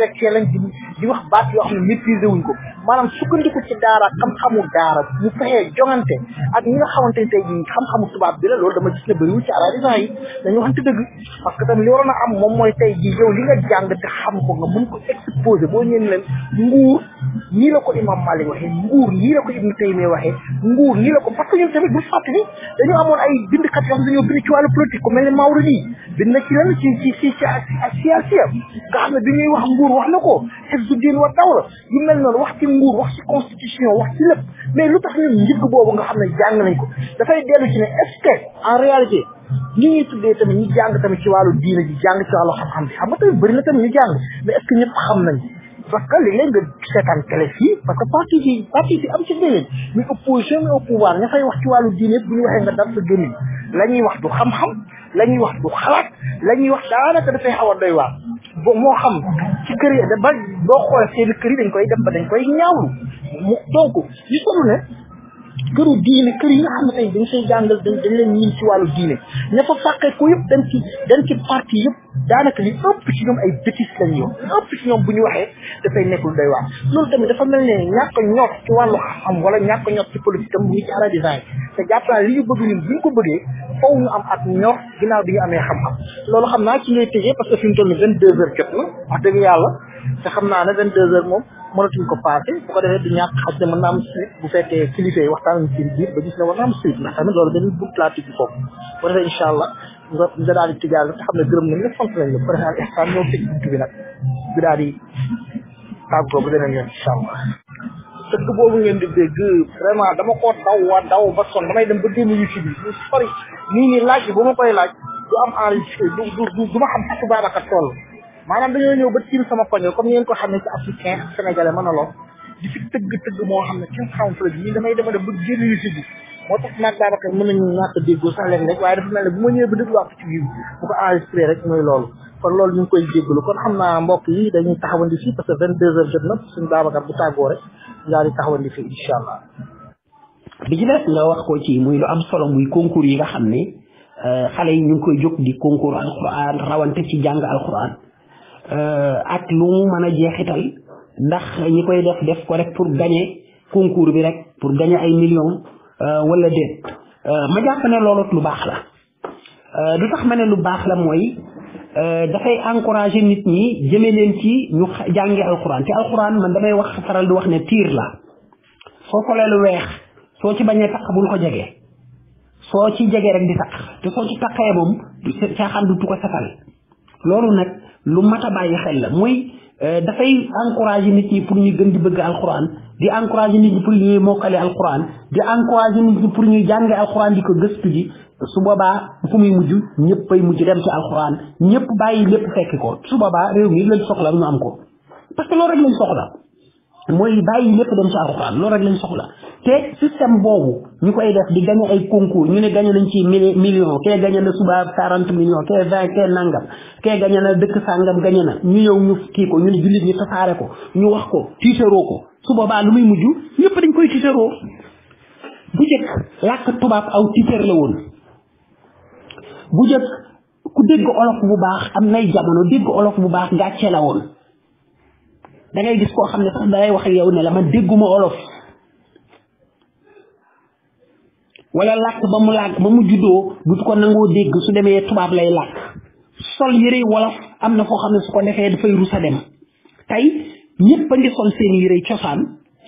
di wax baat yoo xam ne maîtriser wuñ ko maanaam sukkandiku ci daara xam-xamu daara ñu fexee jongante ak nga xamante ni tey jii xamu tubaab bi dama gis ne parce que tam li waroon moom mooy tey xam ko mun ko exposer boo ñeen leen nguur nii la ko imam Malik waxee nguur nii la ko Ibn Taymiya waxee nguur nii la ko parce ñun tamit bu fàttali dañu amoon ay bindkat yoo xam dañoo bind wàllu politique ko mel ne Maodo nii bind na ci lan ci ci ci nga xam ne bi ñuy wax nguur wax na ko xifsu diin wa dawla yu mel noonu wax ci nguur wax ci constitution wax ci lépp mais lu tax ñun njëgg boobu nga xam ne jàng nañ ko dafay dellu ci ne est-ce que en réalité ñi ñuy tuddee tamit ñu jàng tamit ci wàllu ji jàng ci wàllu xam-xam bi xam tamit bëri na tamit ñu jàng mais est-ce ñëpp xam nañ parce que li léeg nga seetaan télé fii parce que parti bi parti am ci déleen mais opposition mais au pouvoir ña fay wax ci wàllu diine bu ñu nga dal sa gémmiñ la ñuy wax du xam-xam la ñuy wax du xalaat la ñuy wax daanaka dafay xaw a doy waar bo moo xam ci kër yi ba boo xoolee seen kër yi dañ koy dem ba dañ koy ñaawlu mu donc ñu solu këru diine kër yi nga xam ne tey dañ koy jàngal dañ dañ leen ñiin ci wàllu diine ña fa fàqee yëpp dañ ci dañ ci parti yëpp daanaka li ëpp ci ñoom ay bêtises lañ yoon li ëpp bu ñu waxee dafay nekk lu doy waar loolu tamit dafa mel ne ñàkk a ñor ci wàllu xam wala ñàkk a ñor ci politique tam mu ngi ci arabisant yi te jàpp naa li ñu bëgg ñun bu ñu ko bëggee faw ñu am ak ñor ginnaaw bi ñu amee xam-xam loolu xam naa ci ngay tëjee parce que fi mu vingt deux heures jot na wax dëgg yàlla te xam naa ne vingt deux moom mënatuñ ko passé bu ko defee du ñàkk xaj na mën na am bu fekkee kilifa yi waxtaan ci biir ba gis ne war na am suite ndax tamit loolu dañuy bugg laa tijji foofu ko defee daal di tijjaal te xam ne gërëm nañ la sant nañ la bu ko defee al ihsan ñoo tëj buntu ba deneen yoon incha allah dëkk boobu ngeen di dégg vraiment dama koo daw waa daw ba son damay dem ba démb yu ci bi ñu sori nii nii laaj bi ma koy laaj du am enregistré du du du ma xam ci subaanaka toll maanaam dañoo ñëw ba tiim sama koñ comme ni ngeen ko xam ne ci africain ak sénégalais a loo di fi tëgg tëgg moo xam ne kenn xamul fa dema def ba génn yu bi moo tax naag Babacar mën nañu ñàkk a déggoo sax leen rek waaye dafa mel rek mooy loolu kon loolu ñu ngi koy jéggalu kon xam naa mbokk yi dañuy taxawandi fii parce que vingt deux heures jot na suñu bu tàggoo rek daal di taxawandi fii incha allah bi ci des nga wax ko ci muy lu am solo muy concours yi nga xam ni euh, xale yi ñu ngi koy jóg di concours alquran rawante ci jàng alquran Euh, ak lu mu mën a jeexital ndax ñi koy def def ko rek pour gagner concours bi rek pour gagner ay millions euh, wala déet euh, ma jàpp ne loolu lu baax la du tax ma ne lu baax la mooy dafay encourager nit ñi jëme leen ci ñu jàngi alxuraan te alxuraan man damay wax faral di wax ne tiir la soo solee lu weex soo ci bañee taq bul ko jege soo ci jegee rek di taq te soo ci taqee moom caaxaan du tu ko loolu nag lu mat a bàyyi xel la mooy euh, dafay encourager nit ñi pour ñu gën di bëgg alxuraan di encourager nit ñi pour ñuy mokkale alxuraan di encourager nit ñi pour ñuy jànge alxuraan di ko gëstu ji su boobaa fu muy mujj ñëppay mujj dem ci alxuraan ñëpp bàyyi lépp fekk ko su boobaa réew mi lañ soxla ñu am ko parce que loolu rek lañ soxla mooy bàyyi lépp dem ci alxuraan loolu rek lañ soxla te système boobu ñu koy def di gagné ay concours ñu ne gagné nañ ci mille million kee gagné na suba quarante millions kee vingt kee nangam kee gagné na dëkk sàngam gagné na ñu ñëw ñu kii ko ñu ne jullit ñi tasaare ko ñu wax ko tiitaroo ko su boobaa lu muy mujj ñëpp dañ koy tiitaroo bu jëkk làkk tubaab aw tiitar la woon bu jëkk ku dégg olof bu baax am nay jamono dégg olof bu baax gàcce la woon dangay gis koo xam ne sax day wax yow ne la man dégguma olof walla làkk ba mu làkk ba mu juddoo du ko nangoo dégg su demee tubaab lay làkk sol yëre wolof am na foo xam ne su ko defee dafay rusa dem tey ñépp a ngi sol seen i yëre cosaan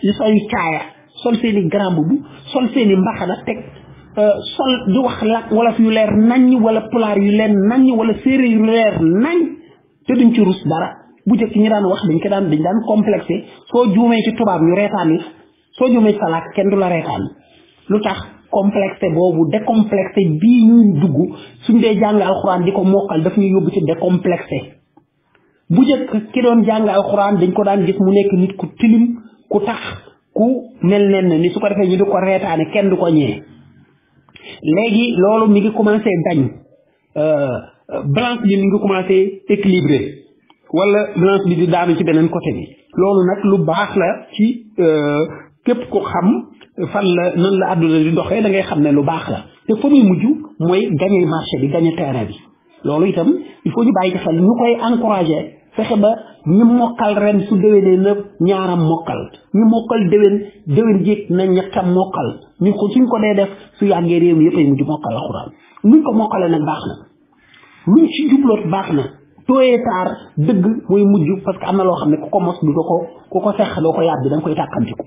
yu sol caaya sol seen i grand boubou sol seen mbaxana teg euh, sol di wax làkk wolof yu leer naññ wala pulaar yu leer naññ wala séeréer yu leer naññ te duñ ci rus dara bu jëkk ñu daan wax dañ ko daan dañ daan complexé soo juumee ci tubaab ñu reetaani soo juumee ci salaak kenn du la reetaani lu tax complexé boobu décomplexé bii ñuy dugg suñ dee jàng alxuraan di ko mokkal daf ñuy yóbbu ci décomplexé bu jëkk ki doon jàng alxuraan dañ ko daan gis mu nekk nit ku tilim ku tax ku mel nen ni su ko defee ñu di ko reetaane kenn du ko ñee léegi loolu mi ngi commencé dañ euh, euh, balance bi mi ngi commencé équilibré wala lance bi di daanu ci beneen côté bi loolu nag lu baax la ci képp ko xam fan la nan la àdduna di doxee da ngay xam ne lu baax la te fa muy mujj mooy gagné marché bi gagné terrain bi loolu itam il faut ñu bàyyi ci xel ñu koy encouragé fexe ba ñu mokkal ren su déwénee na ñaaram mokkal ñu mokkal déwén déwén jéeg na ñettam mokkal ñu ko suñ ko dee def su yàggee réew mi yëpp ay mujj mokkal alxuraan ñu ko mokkale nag baax na luñ ci jubloot baax na tooyee taar dëgg mooy mujj parce que am na loo xam ne ku ko mos du ko ku ko sex doo ko yàbbi da nga koy tàqamtiku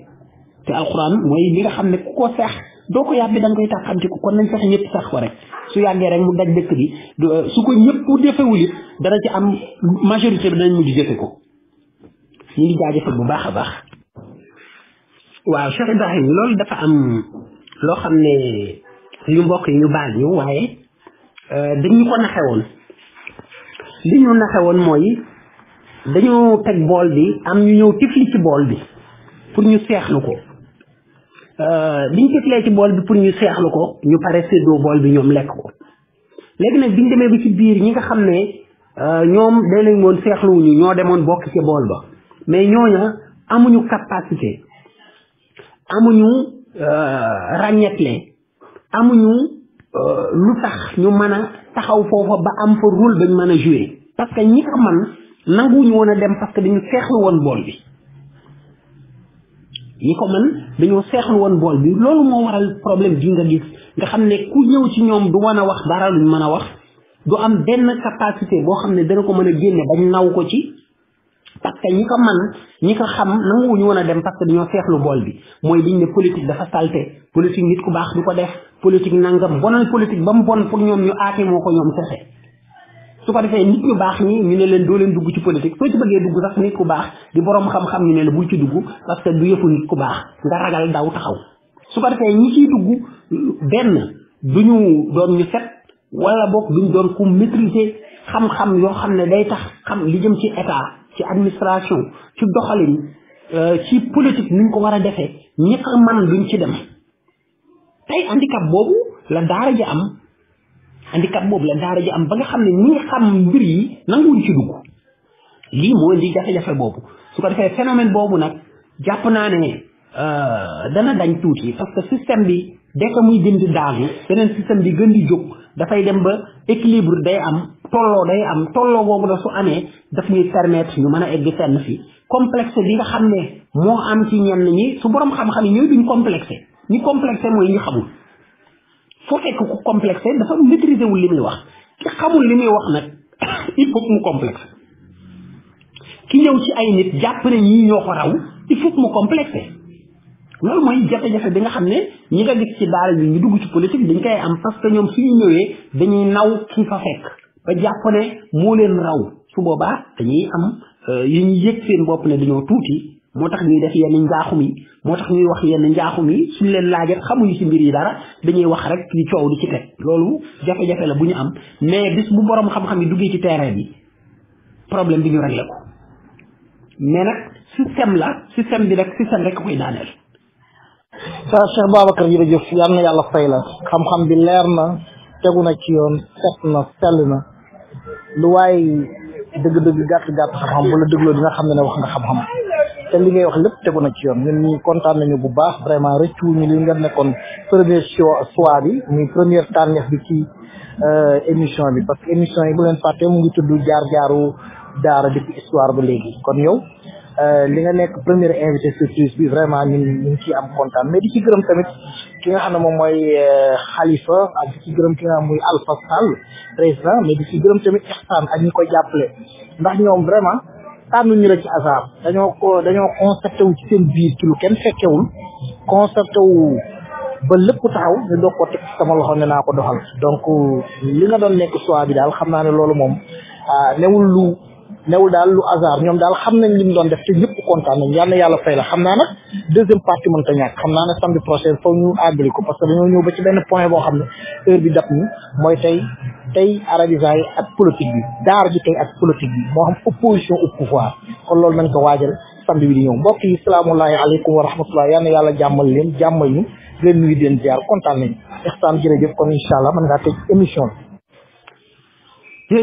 te alxuraan mooy li nga xam ne ku ko sex doo ko yàbbi da nga koy tàqamtiku kon nañ fexe ñëpp sax ko rek su yàggee rek mu daj dëkk bi su ko ñëpp defewul it dana ci am majorité bi danañ mujj jëfe ko ñu ngi jaajëfal bu baax a baax waaw Cheikh Ibrahim loolu dafa am loo xam ne yu mbokk yi ñu baax ñu waaye euh, dañu ko naxewoon li ñu naxe woon mooy dañu teg bool bi am ñu ñëw tifli ci bool bi pour ñu seexlu ko euh, biñ tiflee ci bool bi pour ñu seexlu ko ñu pare séddoo bool bi ñoom lekk ko léegi nag biñ demee ba ci biir ñi nga xam ne euh, ñoom day woon seexluwuñu ñoo demoon bokk ci bool ba mais ñooña amuñu capacité amuñu euh, ràññetle amuñu lu tax ñu mën a taxaw foofa ba am fa rôle bañ mën a jouer parce que ñi ko man nanguwuñu woon a dem parce dañu seexlu woon bool bi ñi ko man dañoo seexlu woon bool bi loolu moo waral problème bi nga gis nga xam ne ku ñëw ci ñoom du mën a wax dara luñ mën a wax du am benn capacité boo xam ne dana ko mën a génne bañ naw ko ci parce que ñi ko man ñi ko xam nanguwuñu woon a dem parce que dañoo seexlu bool bi mooy liñ ne politique dafa salté politique nit ku baax du ko def politique nangam bonal politique ba mu bon pour ñoom ñu aate moo ko ñoom kese su ko defee nit ñu baax ñi ñu ne leen doo leen dugg ci politique soo ci bëggee dugg sax nit ku baax di borom xam-xam ñu ne la bul ci dugg parce que du yëfu nit ku baax nga ragal daw taxaw su ko defee ñi ciy dugg benn duñu doon ñu set wala boog duñu doon ku maîtriser xam-xam yoo xam ne day tax xam li jëm ci état ci administration ci doxalin euh, ci politique nuñ ko war a defee ñi xam man duñ ci dem tey handicap boobu la daara ji am handicap boobu la daara ji am ba nga xam ne ñi xam mbir yi nanguwuñ ci dugg lii mooy li jafe-jafe boobu su ko defee phénomène boobu nag jàpp naa ne euh, dana dañ tuuti parce que système bi dès que muy gën di daanu beneen système bi gën di jóg dafay dem ba équilibre day am tolloo day am tolloo boobu na su amee daf ñuy permettre ñu mën a egg fenn fii complexe bi nga xam ne moo am ci ñenn ñi su borom xam-xam yi ñooy duñ complexé ñi complexé mooy ñi xamul foo fekk ku complexe dafa maîtriser wul li muy wax ki xamul li muy wax nag [COUGHS] il faut que mu complexe ki ñëw ci ay nit jàpp ne ñii ñoo ko raw il faut mu complexe loolu mooy jafe-jafe bi nga xam ne ñi nga gis ci daara yi ñu dugg ci politique dañ koy am parce que ñoom suñu ñëwee dañuy naw ki fa fekk ba jàpp ne moo leen raw su boobaa dañuy am euh, yu ñu yëg seen bopp ne dañoo tuuti motax ñuy def yenn njaaxum yi moo ñuy wax yenn njaaxum yi suñ leen laaje xamuñu ci mbir yi dara dañuy wax rek ci ciow du ci tek loolu jafe-jafe la bu ñu am mais bis bu borom xam-xam yi duggee ci terrain bi problème bi ñu réglé ko mais nag système la système bi rek système rek koy daaneel. sa Cheikh Babacar jërëjëf yal na yàlla fay la xam-xam bi leer na tegu na ci yoon set na sell na lu way deug deug gàtt gàtt xam-xam bu la dégloo dina xam na wax nga xam-xam. te li ngay wax lépp tegu na ci yoon ñun ñi contane nañu bu baax vraiment rëccu ñu li nga nekkoon premier soir bi muy premier tànneef bi ci euh émission bi parce que émission yi bu leen fàtte mu ngi tudd jaar jaaru daara depuis histoire ba léegi kon euh li nga nekk premier invité surprise bi vraiment ñun ñu ci am contane mais di ci gërëm tamit ki nga xam ne moom mooy xalifa euh, ak di ci gërëm ki nga muy alpha sall président mais di ci gërëm tamit ihsan ak ñi koy jàppale ndax ñoom vraiment ñu rek ci hasard dañoo ko dañoo constaté wu ci seen biir ci lu kenn fekkewul constaté wu ba lépp taxaw ñu doog ko teg sama loxo ne naa ko doxal donc li nga doon nekk choix bi daal xam naa ne loolu moom ah, newul lu newul daal lu hasard ñoom daal xam nañ li mu doon def te ñëpp kontaan nañ yal na yàlla fay la xam naa ne deuxième partie mën ta ñàkk xam naa ne samedi prochain foofu ñu àggali ko parce que dañoo ñëw ba ci benn point boo xam ne heure bi dab mooy tey tey arabisants yi ak politique bi daar ji tey ak politique bi moo xam opposition au pouvoir kon loolu nañ ko waajal samedi di ñëw mbokk yi salaamullahi aleykum wa rahmatullah yal yàlla jàmmal leen jàmmal ñu leen nuyu leen ziar kontaan nañ ixsaan jërëjëf kon émission bi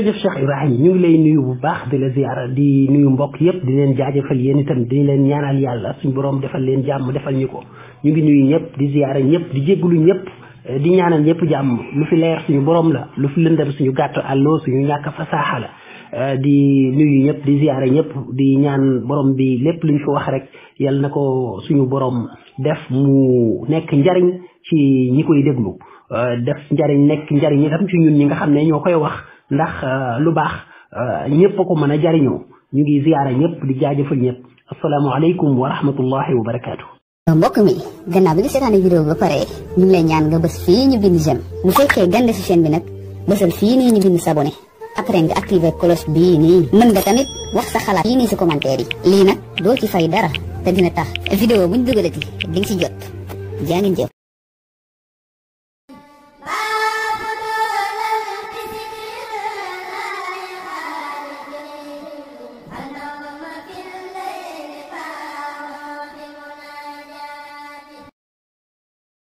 ñu ngi lay nuyu bu baax di la ziara di nuyu mbokk yëpp di leen jaajëfal yéen itam di leen ñaanal yàlla suñ borom defal leen jàmm defal ñu ko ñu ngi nuyu ñëpp di ziara ñëpp di jégglu ñëpp di ñaanal ñëpp jàmm lu fi leer suñu boroom la lu fi lëndëm suñu gàtt àlloo suñu ñàkk fasaaxa saaxala euh, di nuyu ñëpp di ziare ñëpp di ñaan borom bi lépp luñ fi wax rek yal na ko suñu boroom def mu nekk njariñ ci ñi koy déglu euh, def njariñ nekk njariñ itam ñun ñi nga xam ne ñoo koy wax ndax euh, lu baax ñëpp ko mën a jariñoo ñu ngi ziare ñëpp di jaajëfal ñëpp asalaamaaleykum wa rahmatullahi wa mbokk mi gannaaw bi nga seetaane vidéo bi ba pare ñu lay ñaan nga bës fii ñu bind j'aime bu fekkee gande si chaîne bi nag bësal fii nii ñu bind s'abonné après nga activé cloche bii nii mën nga tamit wax sa xalaat fii nii si commentaire yi lii nag doo ci fay dara te dina tax vidéo buñ dugalati di nga si jot jaa ngeen jëf